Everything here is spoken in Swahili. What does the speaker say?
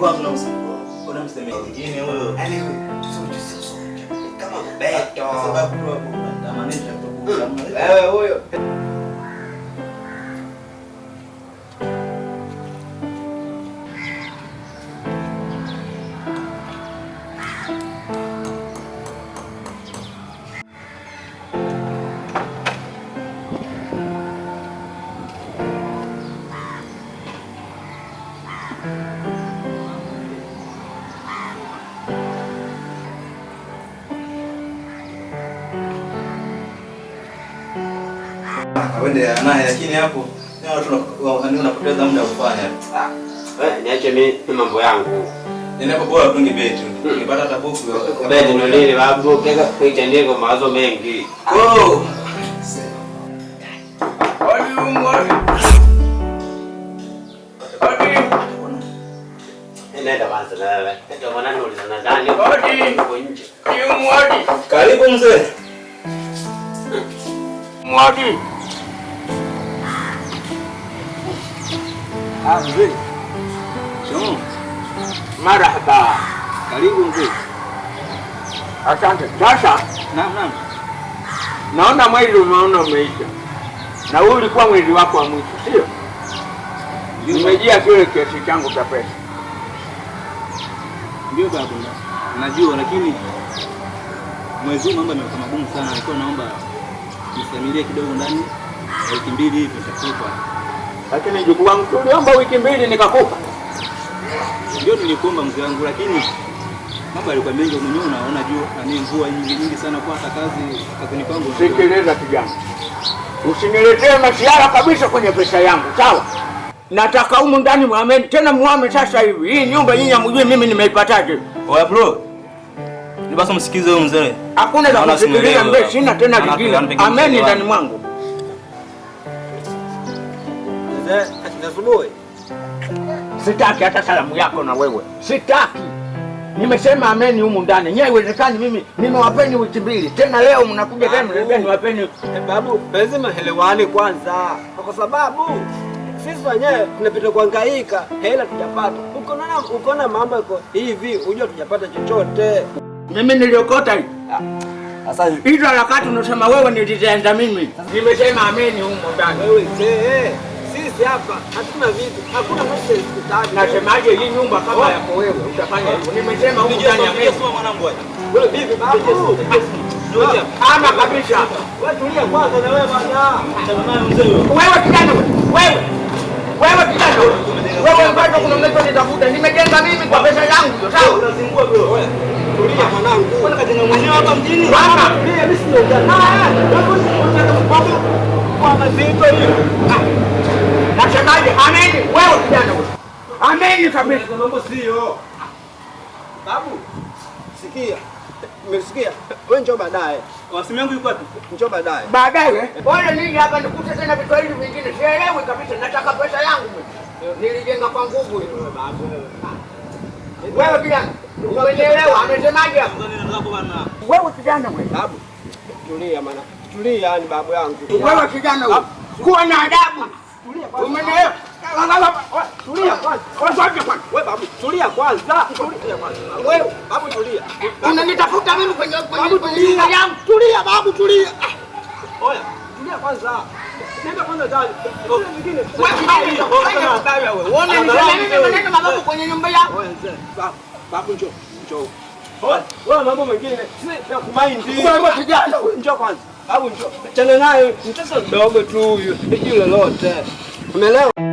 Yaani Kama Beto. Sababu mm. huyo uendelea naye, lakini hapo unapoteza muda kufanya. Ah, niache mimi mambo yangu bora tungi beti hmm. nipata tabuku beti nilili babu kega kuita ndiko mawazo mengi oh Karibu mzee hmm. Mwadi. Mzee Shum, marhaba, karibu mzee. Asante. Sasa naam, naam, naona mwezi umeona umeisha, na huu ulikuwa mwezi wako wa mwisho, sio? Nimejia kile kiasi changu cha pesa. Ndio baba, najua, lakini mwezi huu mambo yamekuwa magumu sana, alikuwa naomba nisamilie kidogo ndani wiki mbili hivi nitakupa lakini jukuu wangu tuliomba wiki mbili nikakupa. Ndio nilikuomba mzee wangu lakini mambo yalikuwa mengi mwenyewe unaona juu na mimi mvua nyingi nyingi sana kwa hata kazi kazini kwangu. Sikiliza kijana. Usiniletee masiara kabisa kwenye pesa yangu, sawa? Nataka humu ndani muame tena muame sasa hivi. Hii nyumba nyinyi hamjui mimi nimeipataje. Oya oh, bro. Ni basi msikize huyo mzee. Hakuna la kusikiliza mzee, sina tena kingine. Ameni ndani mwangu. Eh, sitaki hata salamu yako na wewe sitaki. Nimesema ameni humu ndani, nyewe haiwezekani. Mimi nimewapeni wiki mbili tena, leo mnakuja tena niwapeni. Eh, babu, lazima helewani kwanza, kwa sababu sisi wenyewe tunapita kuangaika hela tujapata. Ukiona mambo yako hivi, unajua tujapata chochote. Mimi niliokota hizo harakati, unasema wewe nilitenda mimi. Nimesema ameni humu ndani. Eh, sisi hapa hatuna vitu, hakuna hospitali. Nasemaje, hii nyumba kama yako wewe utafanya hivyo? Nimesema huko ndani ya Yesu mwanangu, wewe bibi babu ama kabisa. Wewe tulia kwanza, na wewe bwana, wewe kijana, wewe wewe kijana, wewe bado kuna mtu nitakuta, nimejenga mimi kwa pesa yangu, sawa? Unazingua bro, tulia mwanangu, wewe kajenga mwenyewe hapa mjini, mama mimi sio kijana, ah, ah. wewe kwa mazito hiyo. Ah. Nashangaje? Ameni wewe kijana wewe. Ameni kabisa. Mambo sio. Babu, sikia. Mmesikia? Wewe njoo baadaye. Wasimu yangu yuko wapi? Njoo baadaye. Baadaye? Wewe nini hapa nikute tena vitu hivi vingine? Sielewi kabisa. Nataka pesa yangu mimi. Nilijenga kwa nguvu hiyo babu. Wewe kijana, umenielewa? Amesemaje hapo? Wewe kijana wewe. Babu, tulia maana tulia, yani babu yangu, wewe kijana huyu, ah, kuwa na adabu. Umeelewa? Tulia kwanza, tulia kwanza, wewe babu, tulia. Unanitafuta mimi kwenye kwenye yangu? Tulia babu, tulia. Ah, oya, tulia kwanza. Nenda kwanza ndani. Oh, nyingine. Uone maneno mababu kwenye nyumba yako. Oya, babu njoo, njoo. Wewe mambo mengine sio ya kumaindi. Wewe kijana, njoo kwanza au achana naye mtoto mdogo tu huyu, sijui lolote, umeelewa?